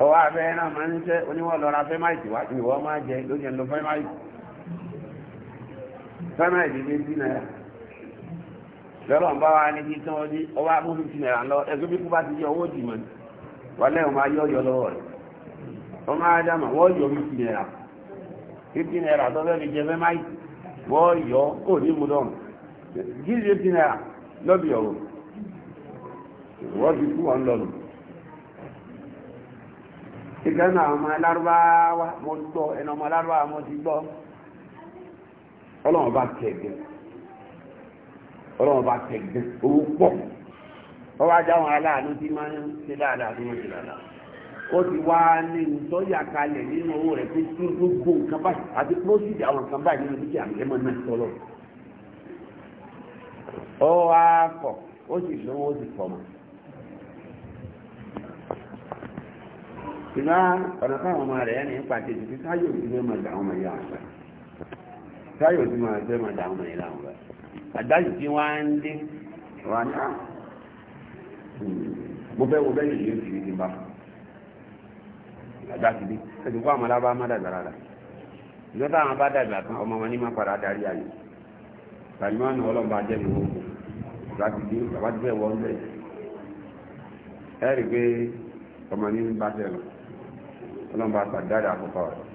ọwọ́ abẹ́ ẹran máa ń onye oníwọ̀ lọ́ra fẹ́máìtì wá ìwọ máa jẹ lóye ń fẹ́máìtì fẹ́máìtì bí sí náírà lọ́rọ̀ ń bá wa ní kí tán lọ ẹgbẹ́ bí kú bá ti yọ owó dì mọ́ wọlé máa yọ yọ lọ́wọ́ ìgbẹ́nu àwọn ọmọ alárúbáwá mo gbọ́ ẹnu ọmọ alárúbáwá mo ti gbọ́ ọlọ́run bá tẹ̀gbẹ́ ọlọ́run bá tẹ̀gbẹ́ owó pọ̀ ọwọ́ ajá wọn aláàánú ti máa ń ṣe dáadáa tó wọ́n ti dáadáa ó ti wá ní ìtọ́jà kalẹ̀ nínú owó rẹ̀ pé kí gbogbo nǹkan báyìí àti pósìtì àwọn nǹkan báyìí nínú dúkìá mi lẹ́mọ̀ náà tọ́lọ̀ ọ wá fọ̀ ó sì lówó ó sì fọ̀ mọ́. ṣùgbọ́n ọ̀nà táwọn ọmọ rẹ̀ ní pàtẹ́ ti fi sáyò tí fẹ́ máa dàwọn ọmọ ìyá wọn sáyò tí máa fẹ́ máa dàwọn ọmọ ìyá wọn àdájù tí wọ́n á ń dé wà ní à ah, hmm, mo fẹ́ wo bẹ́ẹ̀ yìí yóò ti bá àdájù dé ẹ̀sìn kó àwọn alábá má dàgbà rárá ìjọ táwọn bá dàgbà kan ọmọ wọn ní má padà darí ayé tàbí wọn ní ọlọ́mọba jẹ́ mi wọ́n láti dé ọmọ ní bá fẹ́ ọlọ́mbà pàdádà àkọ́kọ́ rẹ̀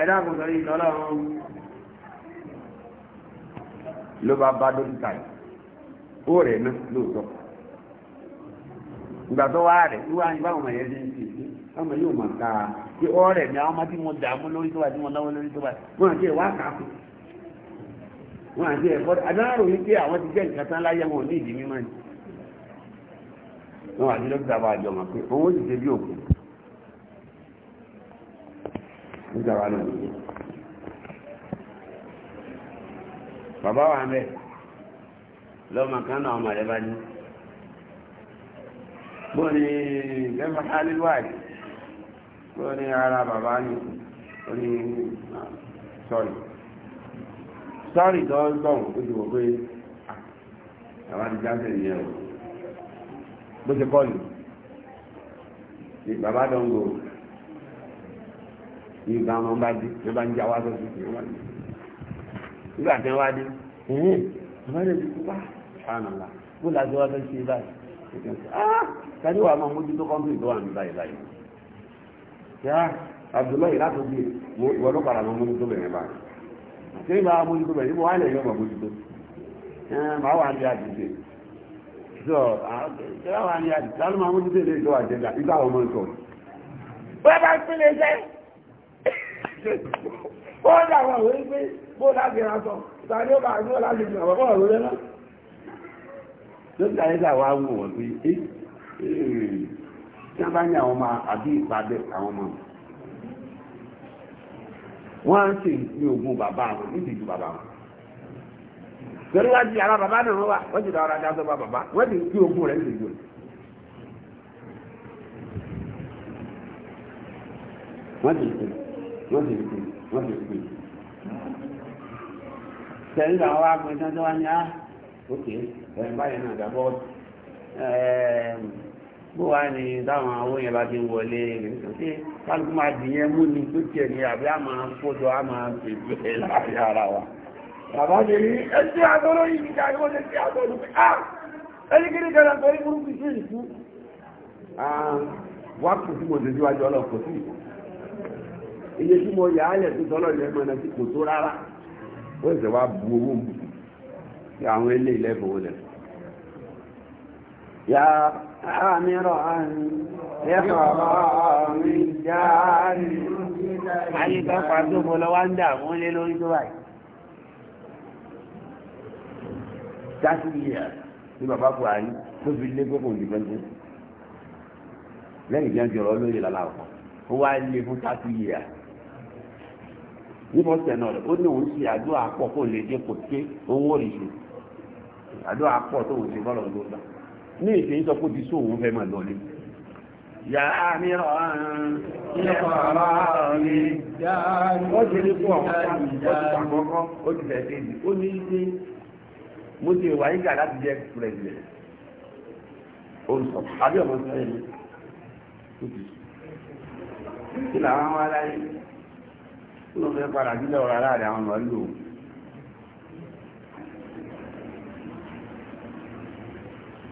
ẹ̀dá àkọ́kọ́ yìí lọ́lọ́run ló bá bá dókítà yìí ó rẹ̀ náà lóòótọ́ ìgbà tó wá rẹ̀ wíwá ní báwọn ẹ̀yẹ ṣe ń fi sí ọmọ yóò mọ̀ ká pé ọ rẹ̀ ni àwọn ọmọ tí mo dààmú lórí tó wà tí mo náwó lórí tó wà wọn àti ẹ̀wá kà fún wọn àti ẹ̀fọ́ adáàrò yìí pé àwọn ti jẹ́ nǹkan tán láyé wọn ò ní ìdí mímọ́ ni wọn àti dókítà bá àjọ mọ̀ pé owó ti ṣe bí òkú nígbà wà lóde bàbá wa ń bẹ lọ́mọ kan náà ọmọ rẹ bá ní bó ni gẹ́gẹ́ aliwáì bó ni ara bàbá ní ó ní sọ́rì ah, sọ́rì tó ń tọ̀hún ó ti wọ̀ pé ah, àwọn ti jáde ní ẹ̀rọ bó ti kọ́ ni bàbá dọ́ngọ̀ yìí gan ọmọ bá dé ní bá ń já wá sọ́sọ́ sí wọn nígbà tí wọ́n wá dé ẹ̀hìn àbájá ti kú bá ṣàánàlá bó la ti wá fẹ́ ṣe báyìí ah tàbí wàá máa mójútó kọ́ńtì tó wà ní báyìí báyìí yá Abdullahi láti bí ìwọ ló padà máa mójútó bẹ̀rẹ̀ báyìí ṣé ìgbà mójútó bẹ̀rẹ̀ níbo wà lè yọ máa mójútó máa wà ní àdìsẹ́ sọ ṣé wà ní àdìsẹ́ lálọ́ máa mójútó ilé ìjọba jẹ́gà wọ́n dà wọ́n pé bó láti sọ ìtàní ó bá ní ó láti àwọn ọ̀rọ̀ rẹ̀ náà lókè ayé dàwọ́ àwọn wọ̀n pé tí wọ́n bá ní àwọn ọmọ àbí ìpàdé àwọn ọmọ wọ́n á ṣe ní ogún bàbá wọn ní ìdíjú bàbá wọn torí wá di ara bàbá náà wà wọ́n ti dà ọ̀rọ̀ adájọ́ bá bàbá wọ́n ti fi ogún rẹ̀ ìdíjú rẹ̀. wọ́n ti sè é wọ́n tẹ̀lé àwọn agbọ̀n tán tó wá ní á ah, òkè ẹ̀ náà dàbọ̀ bó wá ní táwọn owó yẹn bá ti ń wọlé ṣe kálukú máa dìyẹn mú ni tó tiẹ̀ ní àbí a máa kójọ a máa pèsè láàrin ara wa. bàbá ṣe ní ẹsẹ̀ àtọ́rọ́ yìí níta ni ṣe ṣe àtọ́rọ́ pé á ah, ẹni kí ni kẹrẹ burúkú sí ìlú. Ah, wákùtù sí ìlú iye tí mo yà á lẹ̀ tó tọ́lọ̀ ilẹ̀ mọ́nà tí kò tó rárá ó sì wá bu owó mu kí àwọn ilé ilẹ̀ fowó lẹ̀. yà á mi rọ̀ á mi yẹ kọ̀ ọ́ mi yá á mi. ayé mo lọ wá ń dà fún lé lórí tó báyìí. thirty years ní bàbá buhari tó fi lé gbogbo òdìbẹ́ntì lẹ́yìn ìjẹun jọ̀rọ̀ lóye lálá ọ̀pọ̀ ó wá lé fún thirty years nípa ọ̀sẹ̀ náà rẹ̀ ó ní òun ṣe àdúrà pọ̀ kó lè dé kò ké owó rí ṣe àdúrà pọ̀ tó òun ṣe bọ́lọ̀ ló gbà ní ìṣe sọ pé jisú òun fẹ́ máa lọlé. yàrá mi rọ̀ nípa ara mi ó ti ní kó àwọn àkọ́kọ́ ó ti fẹ́ kéjì ó ní ṣe mo ti wà yíga láti jẹ́ pẹ̀lẹ́ olùsọ̀ àbí ọmọ sọ yẹn ó ti sùn kí làwọn wá láyé tí ó fẹ́ padà sílẹ̀ ọ̀rọ̀ aláàrẹ àwọn màálù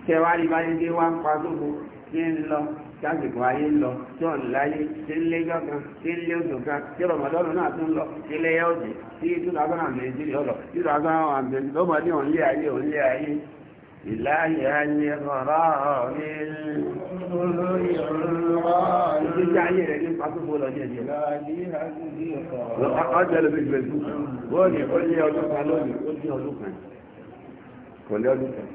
tẹwàárí bá ní dé wá ń pa sóko tí ń lọ tásìkò ayé ń lọ tí ọ̀n láyé tí ń lé yọ kan tí ń lé oṣù kan tí rọmọdọ́nù náà tún lọ tí lé yọ tí two thousand and twenty ọlọ two ìgbésí ayé rẹ̀ ní pàtófò lọ ní ẹ̀jẹ̀. ọjọ́ ẹlẹ́bí ìgbésí wọ́n ní ó ní ọdún kan lónìí ó ní ọdún kan kò ní ọdún kan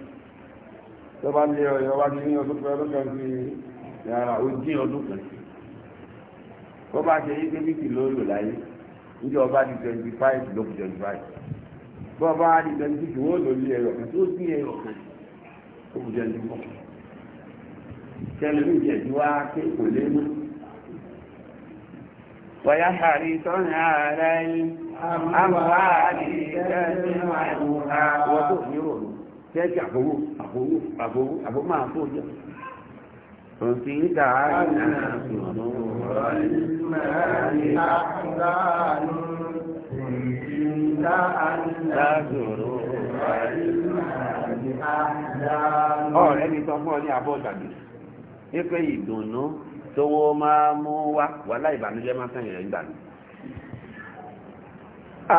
tó bá ní ọyọ wá ní ọdún kan ọdún kan sí yàrá ó dín ọdún kan bó bá ṣe yíké mítì ló lò láyé níjọ ọba di twenty five ló kù twenty five bó bá di twenty six wọ́n lò ní ẹ̀rọ kan tó dín ẹ̀rọ kan ó kù twenty tẹ́lẹ̀ ń wá pé kò lé mú. Wọ̀yá ṣàrí sọ́nà ara ẹni, àmúwá ọ̀rẹ́ ni sọ ní abọ́ ìgbàgbé. wípé ìdùnnú tó wọ́n máa mú wá wà láìbànújẹ́ máa sẹ́yìn rẹ̀ ń gbàgbé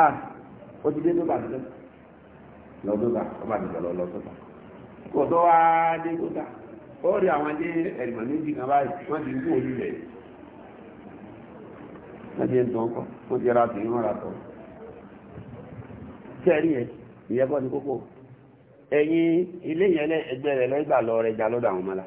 ah ó ti dé tó bàjẹ́ lọ́dọ́ta ọba àdìgbà lọ lọ́dọ́ta kò tó wá dé tó ta ó rí àwọn dé ẹ̀rìmọ̀ méjì kan báyìí wọ́n ti ń kú ojú rẹ̀ wọ́n ti ń tọ́ ọkọ̀ wọ́n ti ra tì í mọ́ra tọ́ kẹ́rì yẹn ìyẹ́kọ́ ni kókó ẹ̀yin ilé yẹn ẹgbẹ́ rẹ̀ lọ́gbà lọ rẹ̀ já lọ́dọ̀ àwọn ọmọ la.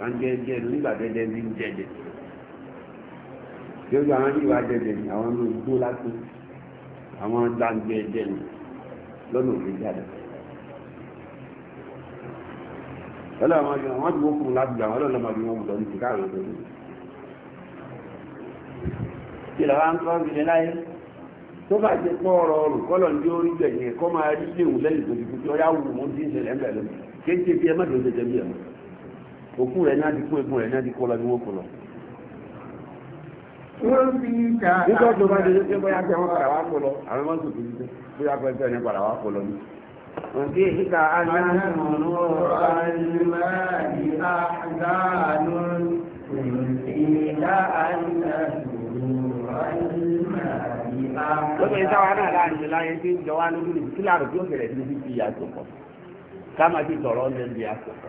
à ń jẹ́ jẹ́ nígbà jẹ́jẹ́ ní jẹ́jẹ́ tí ó gbà wọ́n ní ìwà jẹ́jẹ́ ní àwọn ọmọ igbó lásán àwọn gbàǹgbẹ́ jẹ́ ní lọ́nà òfin jáde lọ́lọ́ àwọn ọmọ wọn ti wọ́n fún un láti gbà wọ́n lọ́lọ́ máa bí wọ́n mú lọ́nà ìsìnká àwọn ọmọ kí làwọn á ń kọ́ ọ́n láyé tó bá jẹ́ pọ́ ọ̀rọ̀ ọ̀rùn kọ́lọ̀ ní orí gbẹ̀yìn ẹ̀kọ́ máa rí léwu lẹ́yìn tó ti kú tí ọ yá wù mọ́ sí ìṣẹ̀lẹ̀ ńlẹ̀ lónìí kéńté bí ẹ má dùn tẹ̀tẹ̀ bí ẹ̀ mọ́ òkú rẹ̀ náà di kú egun rẹ̀ náà di kó lọ wọ́n kò lọ. nígbà tó bá dé ní bóyá pé wọ́n padà wá kó lọ àwọn ọmọ sùn kìí bóyá pé pé wọ́n padà wá kó lọ ní. Òkè ìka aláàánú aláàánú àdánù ìlà àdánù lóbìnrin táwa náà láàrin láyé tí ń jọ wá lórí ìtúlárò tí ó bẹ̀rẹ̀ sí fi ìyàtọ̀ pọ̀ ká máa ti tọ̀rọ̀ ọ̀lẹ́bí àtọ̀pọ̀.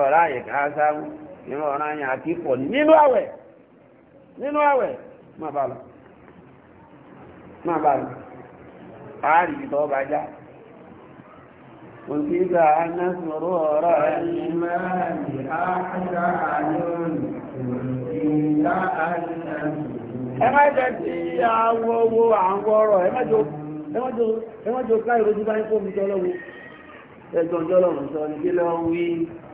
ọ̀rá anyị ká ìran ọ̀rá àyè àti pọ̀ nínú àwẹ̀ nínú àwẹ̀ má bá lọ má ìtọ́ bá já òkìgbà anásọ̀rọ̀ ọ̀rọ̀ anyị àkàrà àyọ̀n ìlà àyọ̀n ẹ tí àwọn owó àwọn ká ìrojú bá ń kó mi jọ lọ́wọ́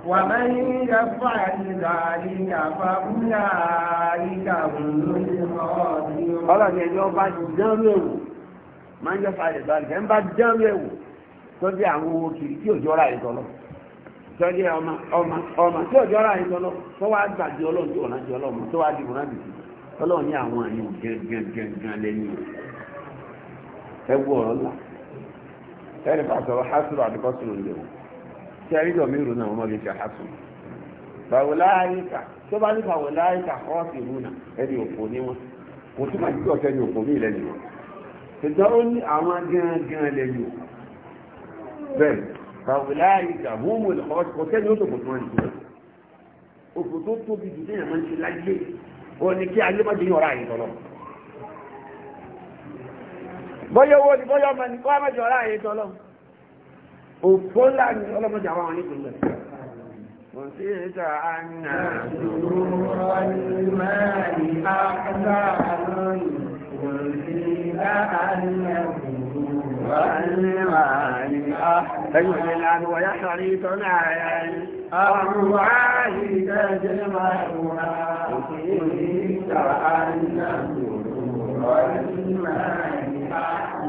ومن يفعل ذلك فأولئك هم الخاسرون ọlọ́run ẹjọ́ bá dánrú ẹ̀wò máa ń jẹ́ fàájì ìbáraẹ̀kẹ́ ń bá dánrú ẹ̀wò tó jẹ́ kiri ọlọ́run ní àwọn lẹ́nu hásùrù àdìkọ́sùrù ń lè tí a rí dọ̀ mí rò náà wọ́n lè ṣe àhásù báwo láyíká tó bá ní báwo láyíká kọ́ọ̀sì rúnà ẹni òfò ní wọn kò tún máa jíjọ́ sẹ́ni òfò mí lẹ́nu wọn ṣùgbọ́n ó ní àwọn gangan lẹ́yìn òfò bẹ́ẹ̀ báwo láyíká húmù lọ́ọ̀sì kò sẹ́ni ó tó kò tún wọn nìkan òfò tó tóbi jù déyàn máa ń ṣe láyé ó ní kí ayé má déyàn ọ̀rá yìí tọ́lọ́ bọ́yọ̀ owó ni bọ́yọ̀ ọmọ ni kọ́ òpó láàrin ọlọ́mọdé àwọn àwọn onígbìmọ̀ وتلك أن سرور الماء أحزان وقيل أن والمال أحزان الآن ويحريتنا الأموال تجمعها وتلك أن سرور الماء أحزان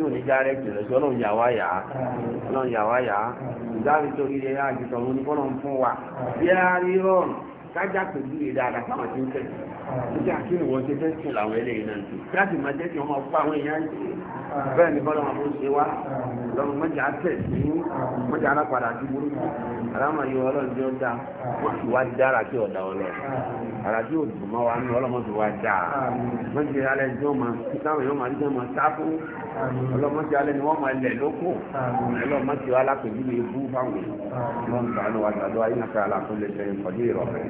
tí ò ní járẹ́ jùlọ sí ọlọ́run yà wá yà á ọlọ́run yà wá yà á ìdárí torí rẹ̀ yà àjùtọ̀ òun ní kọ́nà fún wa bí a rí rọrùn kájà pẹ̀lú èdè àdàkàmọ̀ tí ń tẹ̀ nígbà kí ni wọ́n ṣe fẹ́ sùn làwọn eléyìí náà ti láti máa jẹ́ kí wọ́n máa fún àwọn èèyàn bẹ́ẹ̀ ni bọ́lá wọn kò ṣe wá lọ́run mọ́jà tẹ̀ sí mọ́jà alápàdà àti burúkú alámọ̀ yìí ọlọ́run ara tí òdùn mọ́ wa ní ọlọ́mọdé wa dà wọ́n ti alẹ́ tí wọ́n máa kí táwọn èèyàn máa ń jẹ́ máa sá fún ọlọ́mọdé alẹ́ ni wọ́n máa lẹ̀ lóko ọlọ́mọdé wa alápèjú lè bú fáwọn èèyàn wọ́n ń ta ló wa dàdó ayé náà fẹ́ alákòólé sẹ́yìn kọ́dé ìrọ̀rẹ́